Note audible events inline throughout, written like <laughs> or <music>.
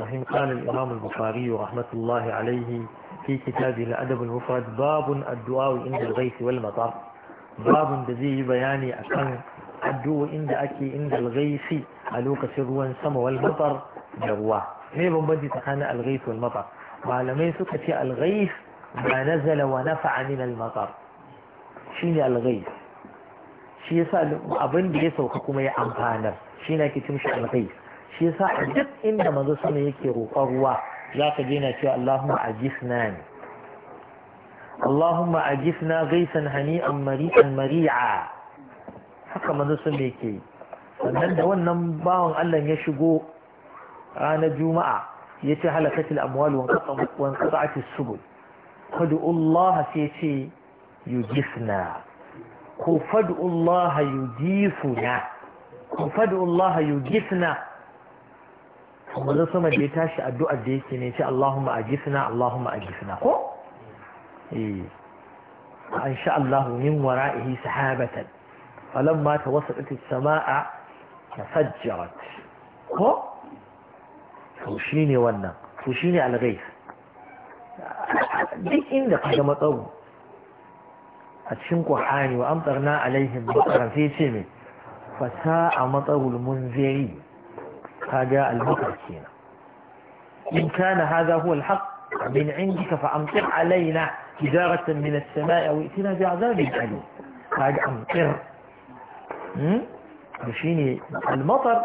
وحين قال الإمام البخاري رحمة الله عليه في كتابه الأدب المفرد باب الدعاء عند الغيث والمطر باب دزي بياني أكن الدعاء عند أكي عند الغيث ألوك سروا سما والمطر جوا ليه بمبدي تخانى الغيث والمطر معلمين سكة الغيث ما نزل ونفع من المطر شيني الغيث shi yasa abin da ya sauka kuma ya amfanar shi na ke cin shi alghais shi yasa a duk inda manzo sama yake roƙon ruwa za ka je na cewa Allahumma ajifna ne Allahumma ajifna gaisan hani'an mari'an mari'a haka manzo sama yake yi sannan da wannan bawan Allah ya shigo ranar juma'a ya ce halakatul amwal wa qata'atis subul fadu Allah sai ce yujifna ko fadu Allah yujifuna ko fadu Allah yujifna manzo sama da ya tashi addu'ar da yake ne ce Allahumma ajifna Allahumma ajifna ko eh an sha Allah min wara'ihi sahabatan falamma tawassadat as-samaa tafajjarat ko to shine wannan to shine al-ghaib duk inda kaga matsawo a cikin Qur'ani wa amtarna alaihim mataran sai ce me fata a matsawul munziri هذا البقر فينا إن كان هذا هو الحق من عندك فأمطر علينا تجارة من السماء أو ائتنا بعذاب أليم هذا أمطر مشيني المطر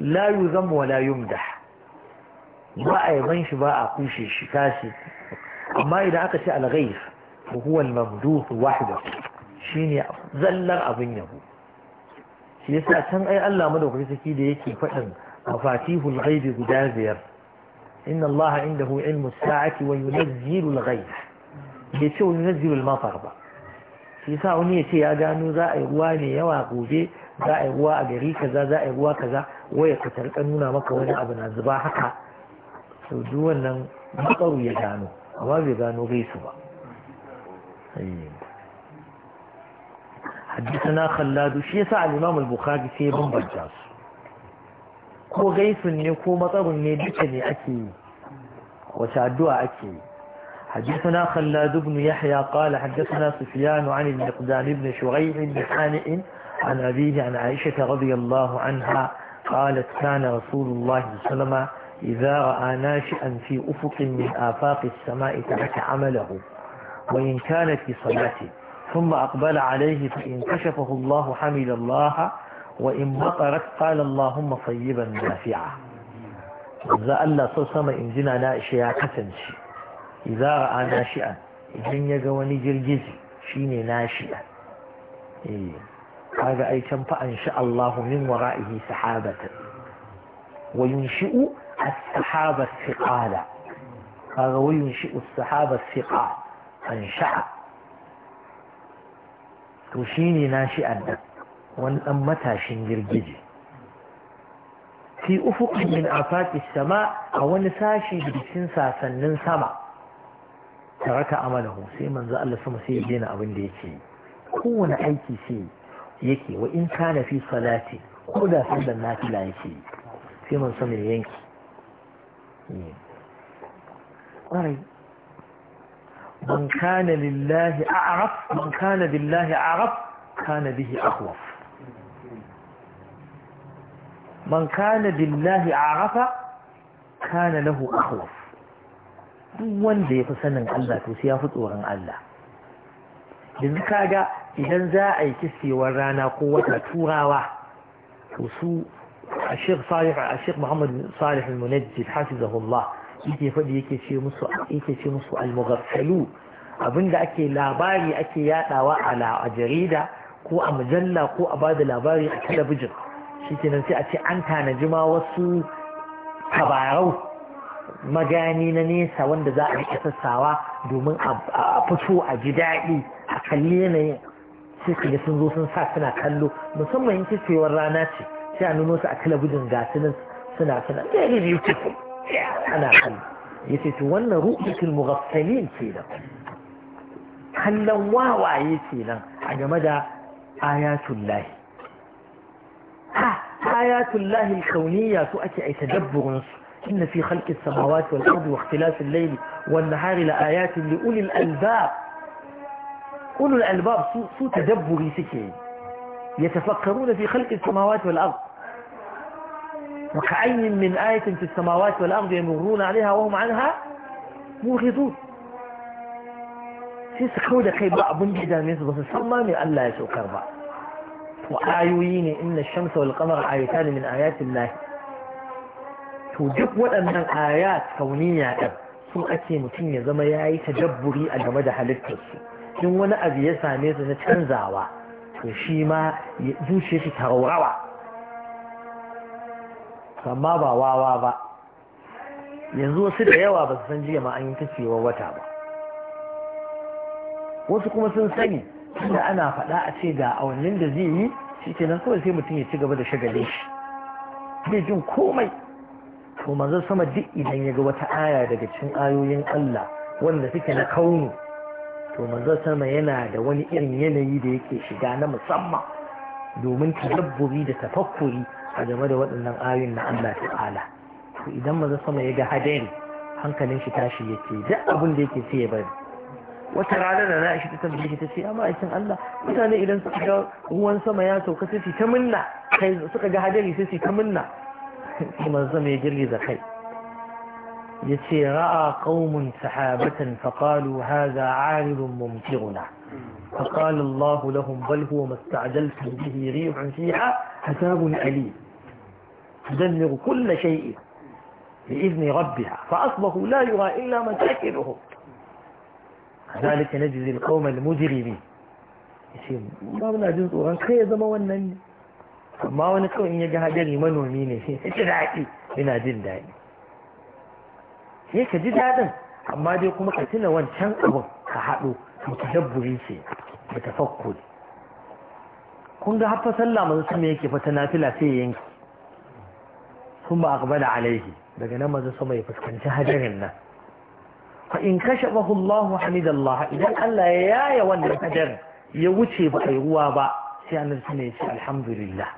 لا يذم ولا يمدح ما أيضا شباء قوشي شكاسي ما إذا shi tashi amma وهو الممدوث وحده شيني huwa أظنه shi yasa can ai Allah madaukaki saki da yake faɗin mafatihul ghaibi guda biyar inna Allah indahu ilmu sa'ati wa yunazzilu al-ghaib bai ce wani nazilul mafar ba shi yasa wani ya ce ya gano za a yi ruwa ne yawa gobe za a yi ruwa a gari kaza za a yi ruwa kaza waya ka tarka nuna maka wani abu na zuba haka to duk wannan makaru ya gano amma bai gano gaisu ba eh. حدثنا خلاد شي يسا الإمام البخاري في بن بجاس هو غيث ne ko مطر ne duka أكي ake حدثنا خلاد بن يحيى قال حدثنا سفيان عن المقدام بن شريح بن حانئ عن أبيه عن عائشة رضي الله عنها قالت كان رسول الله صلى الله عليه وسلم إذا رأى ناشئا في أفق من آفاق السماء ترك عمله وإن كان في صلاته ثم أقبل عليه فإن كشفه الله حمل الله وإن مطرت قال اللهم صيبا نافعا إذا ألا صلصم إن جنا ناشيا كتنشي إذا رأى ناشئا إن يقواني جرجزي شيني ناشئا إيه. هذا أي كم فأنشأ الله من ورائه سحابة وينشئ السحابة الثقال هذا وينشئ السحابة الثقال أنشأ to shi ne na shi adda wani ɗan matashin girgije fi ufuqin min afaqis sama a wani sashi bikin sasannin sama taraka amalahu sai manzo Allah sama sai ya daina abin da yake kowane aiki sai yake wa in kana fi salati ko da sallar nafila yake sai manzo ya yanki ƙwarai من كان لله أعرف من كان بالله أعرف كان به أخوف من كان بالله أعرف كان له أخوف wanda ya fi sanin Allah to sai ya fi tsoron Allah yanzu kaga idan za a yi kisewar rana ko wata turawa to su a shek salih a shek muhammad salih al-munajjid hafizahullah yake faɗi yake ce musu yake abinda ake labari ake yadawa a jarida ko a mujalla ko a bada labari a talabijin shikenan sai a ce an tanaji ma wasu tabarau magani na nesa wanda za a yi sassawa domin a fito a ji daɗi a kalli yanayin sai su sun zo sun sa suna kallo musamman yin kicewar rana ce sai a nuno su a talabijin ga su suna suna very beautiful على حل يتتوانا رؤية المغفلين سيدا حل الله وعي سيدا حاجة مدى آيات الله ها آيات الله الكونية تؤتي أي تدبر إن في خلق السماوات والأرض واختلاف الليل والنهار لآيات لأولي الألباب أولي الألباب سو, سو تدبر سكي يتفكرون في خلق السماوات والأرض وكأي من آية في السماوات والأرض يمرون عليها وهم عنها موخذون sai su kau da kai ba abun da dame su san ma me Allah ya saukar ba wa'ayoyi ayoyi ne inna shamsa wal a ayatan min ayatin lahi to duk waɗannan ayat kauniya ɗin sun ake mutum ya zama ya yi tadabburi a game da halittarsu in wani abu ya same su na canzawa to shi ma zuciya shi ta raurawa amma ba wawa ba yanzu wasu da yawa ba su san jiya ma an yi tafiyewar wata ba wasu kuma sun sani da ana faɗa a ce ga awannin da zai yi shi ke nan kawai sai mutum ya ci gaba da shagale shi bai jin komai to manzon sama duk idan ya ga wata aya daga cikin ayoyin Allah wanda suke na kaunu to manzon sama yana da wani irin yanayi da yake shiga na musamman domin tadabburi da tafakkuri a game da waɗannan ayoyin na Allah ta'ala to idan maza sama ya ga hadari hankalin shi tashi yake duk abin da yake sai ya bari wata rana da na shi ta tambaye shi ta ce amma aikin Allah mutane idan suka ga ruwan sama ya sauka sai su ta minna kai suka ga hadari sai su ta minna <laughs> sai maza sama ya girgiza kai yace ra'a qaumun sahabatan faqalu hadha 'aridun mumtiruna فقال الله لهم بل هو ما استعجلتم به ريح فيها حساب أليم تدمر كل شيء بإذن ربها فأصبحوا لا يرى إلا مشاكلهم ذلك نجزي القوم المجرمين ما بنا جنس أوران خير زما ونني ما ونكو إن يجها جني من ومين <laughs> يتدعكي بنا جن دائم هيك جد هذا أما دي قوم قتلنا وان شان أبو كحالو متدبري شيء متفقد كنت حفظ الله من سميك فتنافلا في ينكي sun ba aqbala alaihi daga nan maza sama ya fuskanci hajarin nan fa in kashafahu Allah hamidallah idan Allah ya yaya wannan hadarin ya wuce ba ai ruwa ba sai annabi sun ya ce alhamdulillah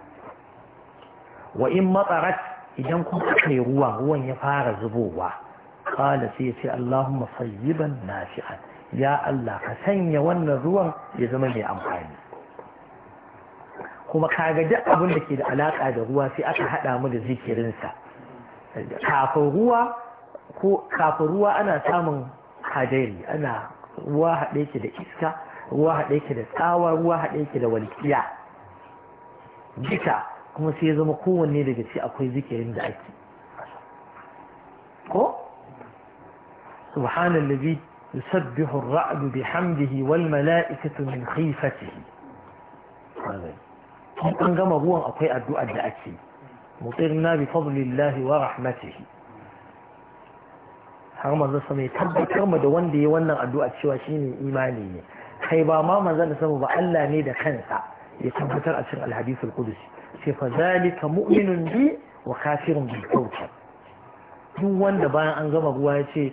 wa in matarat idan kuma kai ruwa ruwan ya fara zubowa qala sai ya ce Allahumma sayyiban nafi'an ya Allah ka sanya wannan ruwan ya zama mai amfani kuma kaga duk abin da ke da alaka da ruwa sai aka hada mu da zikirinsa kafin ruwa ko kafin ruwa ana samun hadari ana ruwa haɗe ki da iska ruwa haɗe ki da tsawa ruwa haɗe ki da walƙiya gita kuma sai ya zama kowanne daga ci akwai zikirin da ake ko subhanallazi yusabbihu ar-ra'du bihamdihi wal mala'ikatu min khifatihi in an gama ruwan akwai addu'ar da ake na bi fadlillahi wa rahmatihi har manzo sama mai tabbatar mu da wanda ya wannan addu'a cewa shine imani ne kai ba ma manzo sama ba Allah ne da kansa ya tabbatar a cikin alhadith al-qudusi ce fa zalika mu'minun bi wa kafirun bi kawkab duk wanda bayan an gama ruwa ya ce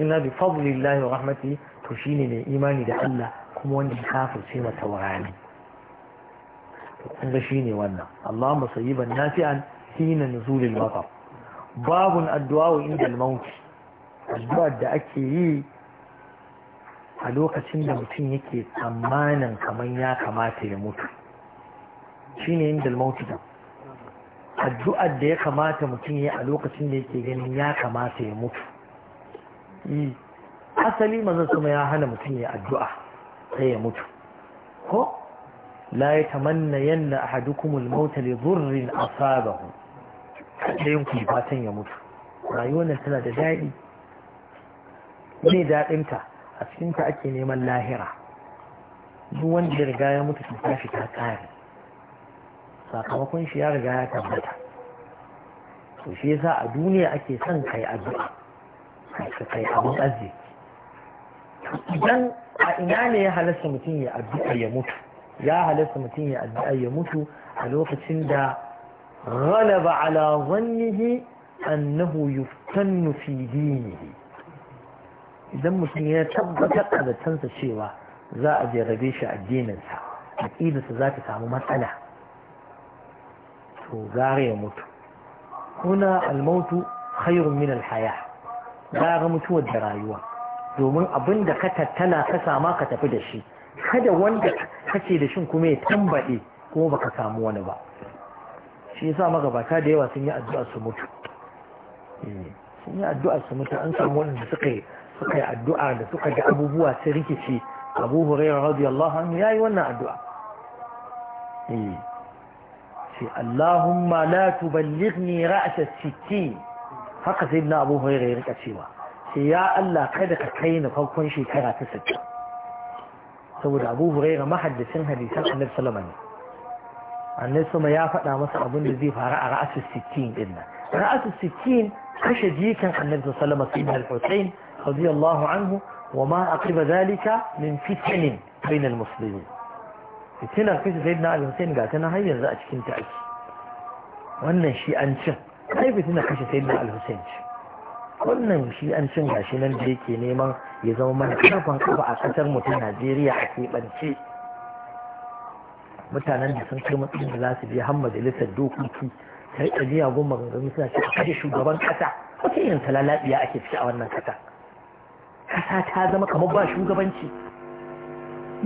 na bi fadlillahi wa rahmatihi to shine ne imani da Allah kuma wanda ya kafirce mata wurare kun ga shine wannan allah musayiban nafi'an hina nuzulil matar babun addu'a inda al Addu'ar da ake yi a lokacin da mutum yake tsammanin kamar ya kamata ya mutu shine inda al da addu'ar da ya kamata mutum ya a lokacin da yake ganin ya kamata ya mutu asali manzon kuma ya hana mutum ya addu'a sai ya mutu ko la ya tamanna yanna ahadukumul mauta li dhurrin asabahu dayan ku fatan ya mutu rayuwar tana da daɗi ne daɗin a cikin ta ake neman lahira duk wanda ya riga ya mutu ta tashi ta kare sakamakon shi ya riga ya tabbata to shi yasa a duniya ake son kai addu'a kai abin arziki idan a ina ne ya halasta mutum ya addu'a ya mutu ya halatta mutum ya addu'a ya mutu a lokacin da ghalaba ala zannihi annahu yuftannu fi dinihi idan mutum ya tabbatar a zatansa cewa za a jarrabe shi addininsa aƙidarsa za ta samu matsala to gara ya mutu kuna almautu khairun min alhaya gara mutuwar da rayuwa domin abin da ka tattala ka sama ka tafi da shi kada wanda kake da shin kuma ya tambaɗe kuma baka samu wani ba shi yasa magabata da yawa sun yi addu'a su mutu eh, sun yi addu'a su mutu an samu wanda suka yi suka yi addu'a da suka ga abubuwa sun rikici abu hurairah radiyallahu anhu yayi wannan addu'a eh ce Allahumma la tuballighni ra'sa sittin haka sai na abu hurairah ya rika cewa sai ya Allah kada ka kai ni farkon shekara ta sittin saboda abu huraira mahaddacin hadisan annabi salama ne annabi sama ya faɗa masa abin da zai faru a ra'asu 60 din nan ra'asu 60 kashe jikan annabi salama sayyidina al-husayn radiyallahu anhu wa ma aqiba zalika min fitnin bain al-muslimin fitinar kashe sayyidina al-husayn ga ta har yanzu a cikin ta wannan shi an cin kai fitinar kashe sayyidina al-husayn ce wannan shi an cin gashi nan da yake neman ya zama mana karfan kafa a kasar mu ta Najeriya a keɓance mutanen da sun kai matsayin da za su je har majalisar dokoki sai da biya goma ga suna ce kada shugaban kasa wata yin talalabiya ake ciki a wannan kasa kasa ta zama kamar ba shugabanci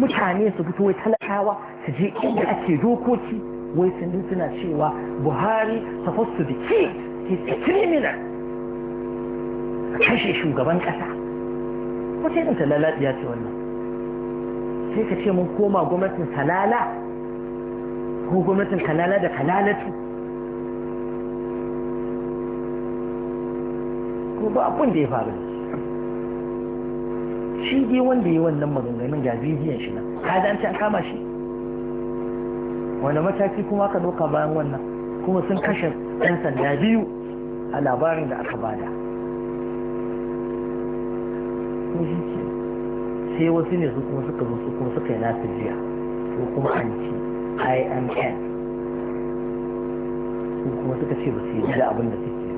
mutane su fito wai talakawa su je inda ake dokoki wai sun suna cewa buhari supposed to be king he's a criminal kashe shugaban ƙasa sai irin talala ya ce wannan sai ka ce mun koma gwamnatin talala ko gwamnatin kalala da kalalatu ko ba abin da ya faru shi dai wanda ya wannan maganganun ga bibiyan shi nan ka an an kama shi wanda mataki kuma aka doka bayan wannan kuma sun kashe ɗan sanda biyu a labarin da aka bada kuma shi sai wasu ne su kuma suka zo su kuma suka yi nasu jiya su kuma an ci imn su kuma suka ce ba su yi da abin da suke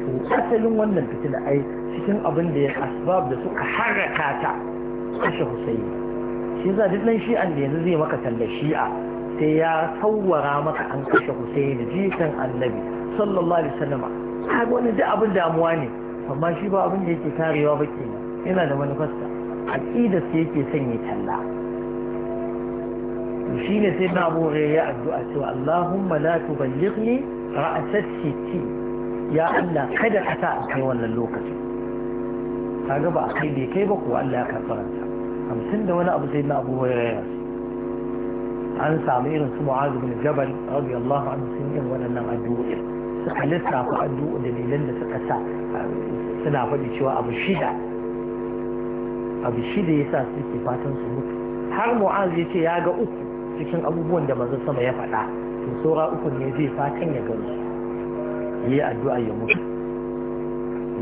to asalin wannan fitina ai cikin abin da ya asbab da suka haraka ta kashe husaini shi za duk nan shi'an da yanzu zai maka tallar shi'a sai ya tsawara maka an kashe husaini jikan annabi sallallahu alaihi wasallam wani duk abin damuwa ne amma shi ba abin da yake karewa ba ke yana da manufasta aƙidar sa yake sanya talla shi ne sai na abu ya addu'a cewa Allahumma la tuballighni ra'asat sitti ya Allah kada ka sa a kai wannan lokaci kaga ba a kai bai kai ba ko Allah ya karfaranta hamsin da wani abu sai na abu ya an samu irin su mu'azu bin jabal radiyallahu anhu sun yi wannan addu'a suka lissafa addu'o dalilan da suka sa eh, suna faɗi cewa abu shida abu shida ya sa suke fatan su mutu har mu'az ya ce ya ga uku cikin abubuwan da manzon sama ya faɗa to saura uku ne zai fatan ya gani yi addu'a ya mutu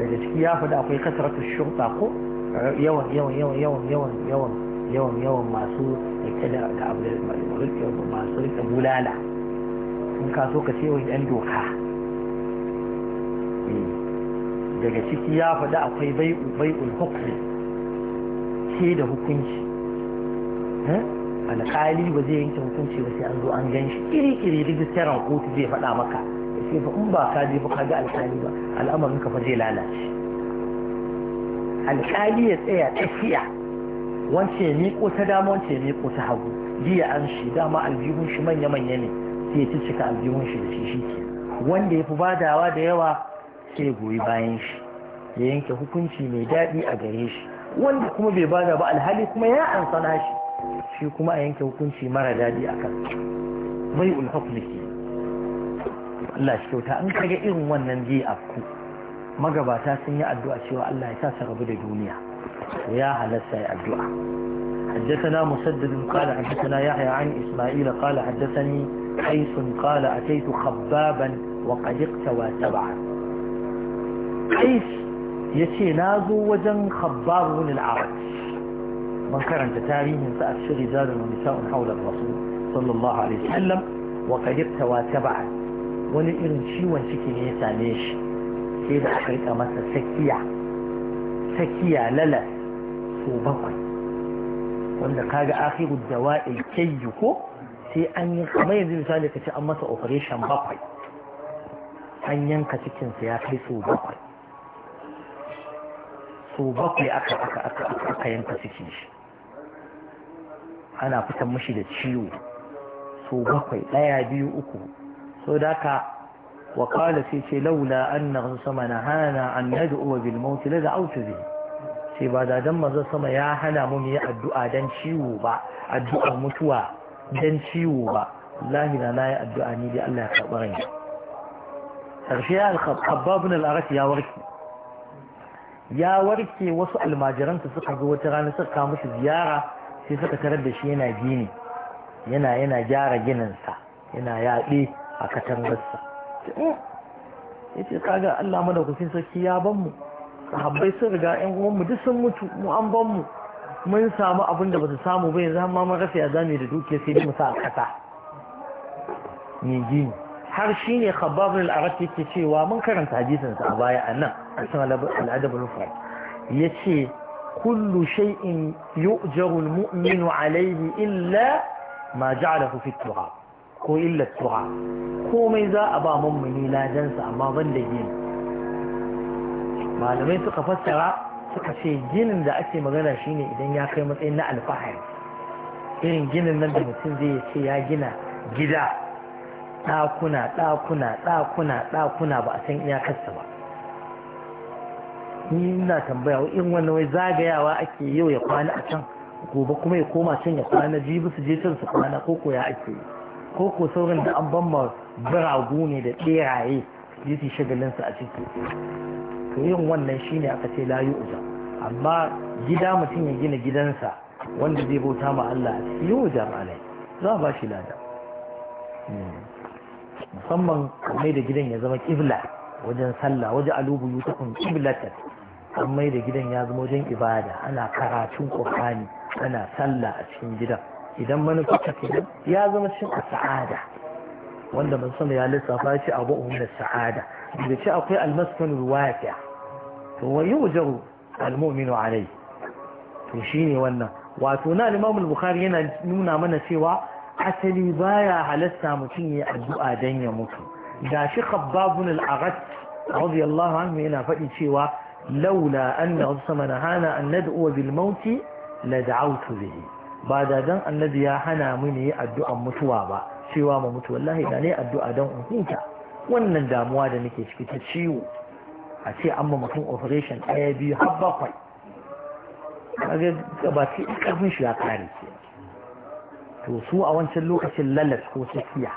daga ciki ya faɗa akwai kasaratu shurta ko eh, yawan yawan yawan yawan yawan yawan yawan yawan masu rike da abu da masu rike bulala in ka so ka ce wa 'yan doka daga ciki ya faɗi akwai bai'ul hukmi ce da hukunci eh? alƙali ba zai yanke hukunci ba sai an zo an gan shi iri-iri rijistaran kotu zai faɗa maka ya ce ba in ba ka je ba ka ga alƙali ba al'amarin ka fa zai lalace alƙali ya tsaya tafiya wance ya ko ta dama wance ya ko ta hagu jiya an shi dama aljihun shi manya-manya ne sai ya cika aljihun shi da shi shi wanda ya fi badawa da yawa ke goyi bayan shi ya yanke hukunci mai daɗi a gare shi wanda kuma bai bada ba alhali kuma ya ansana shi shi kuma a yanke hukunci mara daɗi a kan bai ulhukun ke Allah shi kyauta an kaga irin wannan a ku magabata sun yi addu'a cewa Allah ya sa su rabu da duniya ya halasta ya addu'a حدثنا مسدد قال حدثنا يحيى عن إسماعيل قال حدثني حيث قال أتيت خبابا وقد اقتوى سبعا qais ce na zo wajen khabbab ibn al-arad man karanta tarihin sa a cikin rijalun wa nisa'un hawla rasul sallallahu alaihi wasallam wa qad tawataba wani irin ciwon ciki ne ya same shi sai da aka rika masa sakiya sakiya lalas so bakwai wanda kaga akhiru dawa'i kayyu ko sai an yi kamar yanzu misali kace an masa operation bakwai an yanka cikinsa ya kai so bakwai so bakwai aka aka aka aka yanka cikin shi ana fitan mashi da ciwo so bakwai ɗaya biyu uku so da ka wakala sai ce laula an sama na hana an na da uwa bilmauti da autu sai ba da dan maza sama ya hana mu yi addu'a dan ciwo ba addu'a mutuwa dan ciwo ba wallahi na nayi addu'a ni dai Allah ya karɓa rai karshe al-khabbab ibn al-arash ya warke ya warke wasu almajiransa suka zo wata rana suka kawo musu ziyara sai suka tarar da shi yana gini yana yana gyara gininsa yana yaɗe a katangarsa hmm. ya ce kaga Allah madaukakin sarki ya ban mu sahabbai sun riga yan uwan mu duk sun mutu mu an ban mu mun samu abin da ba samu ba yanzu ma mun rasa ya zame da dukiya sai mu sa a kasa ne gini har shi ne khababin al'arafi ke cewa mun karanta hadisinsa a baya a nan a cikin al'adabin rufar ya ce kullu shay'in yujarul muminu alayhi illa ma ja'alahu fi tura ko illa tura komai za a ba mummuni ladansa amma ban da gini malamai suka fassara suka ce ginin da ake magana shine idan ya kai matsayin na alfahari irin ginin nan da mutum zai ce ya gina gida ɗakuna ɗakuna ɗakuna ɗakuna ba a san iyakarsa ba ni ina tambaya in wani wai zagayawa ake yau ya kwana a can gobe kuma ya koma can ya kwana jibi su je can su kwana ko ko ya ake yi ko ko sauran da an ban ma biragu ne da ɓeraye su su su a ciki to yin wannan shine aka ce layu uza amma gida mutum ya gina gidansa wanda zai bauta ma Allah a cikin yau jama'a za a ba shi lada hmm. musamman mai da gidan ya zama kibla wajen sallah waje alubu yutukun kiblatan an mai da gidan ya zama wajen ibada ana karatun kur'ani ana sallah a cikin gidan idan manufa ta gidan ya zama cikin sa'ada wanda ban sama ya lissafa ce abu da sa'ada da ce akwai almaskanul wafiya to wa yujaru almu'minu alai to ne wannan wato na limamul al yana nuna mana cewa asali baya halasta mutum ya addu'a dan ya mutu da shi khabbabun al-aghat radiyallahu anhu yana faɗi cewa laula anna rabbana nahana an nad'u bil maut la da'awtu bihi ba da dan annabi ya hana mu ne addu'an mutuwa ba cewa mu mutu wallahi da ne addu'a dan in huta wannan damuwa da nake ciki ta ciwo a ce an ma mutum operation ɗaya biyu har bakwai kaga ƙarfin shi ya kare to su a wancan lokacin lalas ko tsakiya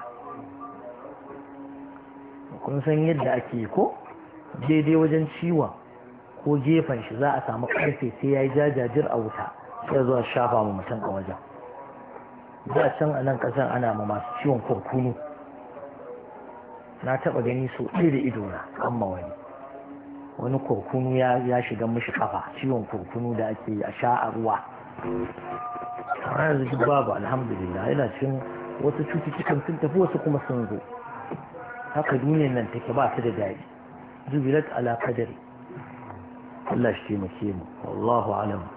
kun san yadda ake ko daidai wajen ciwon ko gefen shi za a samu karfe sai ya yi jajajir a wuta sai zuwa shafa mu mutum a wajen a can a nan kasan ana ma masu ciwon kurkunu na taɓa gani so ɗaya da ido na amma wani wani kurkunu ya shiga mishi kafa ciwon kurkunu da ake a sha a ruwa a yanzu duk babu alhamdulillah yana cikin wasu cututtukan sun tafi wasu kuma sun zo haka duniyar nan take ba su da daɗi zubilat ala kadari Allah shi taimake mu wallahu alam